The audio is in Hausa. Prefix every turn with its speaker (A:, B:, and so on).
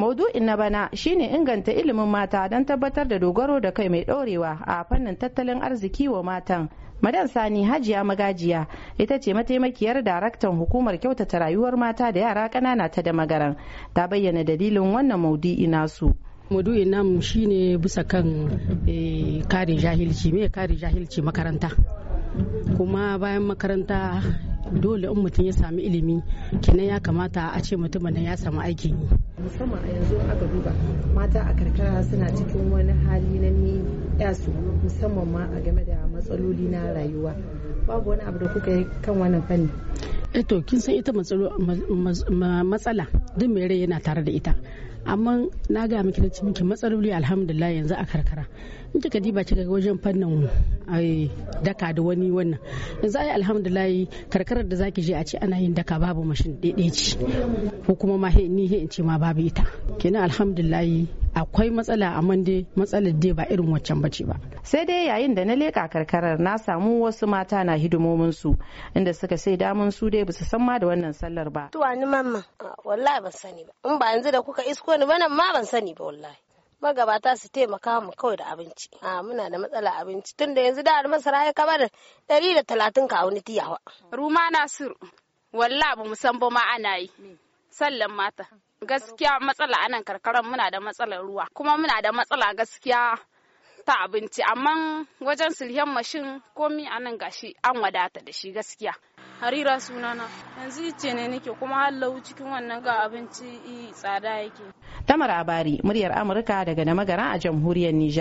A: Maudu'in na bana shine inganta ilimin mata don tabbatar da dogaro da kai mai ɗorewa a fannin tattalin arziki wa matan. Madan Sani Hajiya Magajiya ita ce mataimakiyar daraktan hukumar kyautata rayuwar mata da yara ƙanana ta da magaran ta bayyana dalilin wannan maudu'i nasu.
B: maudu'in namu shine bisa kan eh, kare jahilci me kare jahilci makaranta kuma bayan makaranta dole in mutum ya sami ilimi kenan ya kamata a ce mutum ya samu aiki yi
A: musamman a yanzu aka duba mata a karkara suna cikin wani hali na ni yasu musamman ma a game da matsaloli na rayuwa babu wani abu da kuka yi kan wannan fanni
B: eto eh kin san ita matsala duk mai rai yana tare da ita amma na ga miki na miki matsaloli alhamdulillah yanzu a karkara in kika diba kika ga wajen fannin daka da wani wannan yanzu ai alhamdulillah karkarar da zaki je a ce ana yin daka babu mashin ɗaiɗai ce ko kuma ma ni in ce ma babu ita kenan alhamdulillah akwai matsala amma dai matsalar dai ba irin waccan ce ba sai
A: dai yayin da na leka karkarar na samu wasu mata na hidimomin su inda suka sai damun su dai su san ma da wannan sallar ba
C: tuwa ni mamma ah, wallahi ban sani ba in ba yanzu da kuka isko ni ba nan ma ban sani ba wallahi magabata su taimaka mu kawai da abinci a muna da matsala abinci tun da yanzu da masara ya da ɗari da talatin ka wani tiyawa ruma nasiru
D: walla ba mu san ba ma ana yi sallan mata gaskiya matsala anan karkaran muna da matsalar ruwa kuma muna da matsala gaskiya ta abinci amma wajen sulhen mashin komi anan gashi an wadata da shi gaskiya harira sunana yanzu ce ne nake kuma halau cikin wannan ga abinci tsada yake
A: Tamar Abari, muryar Amurka daga Namagara a jamhuriyar Nijar.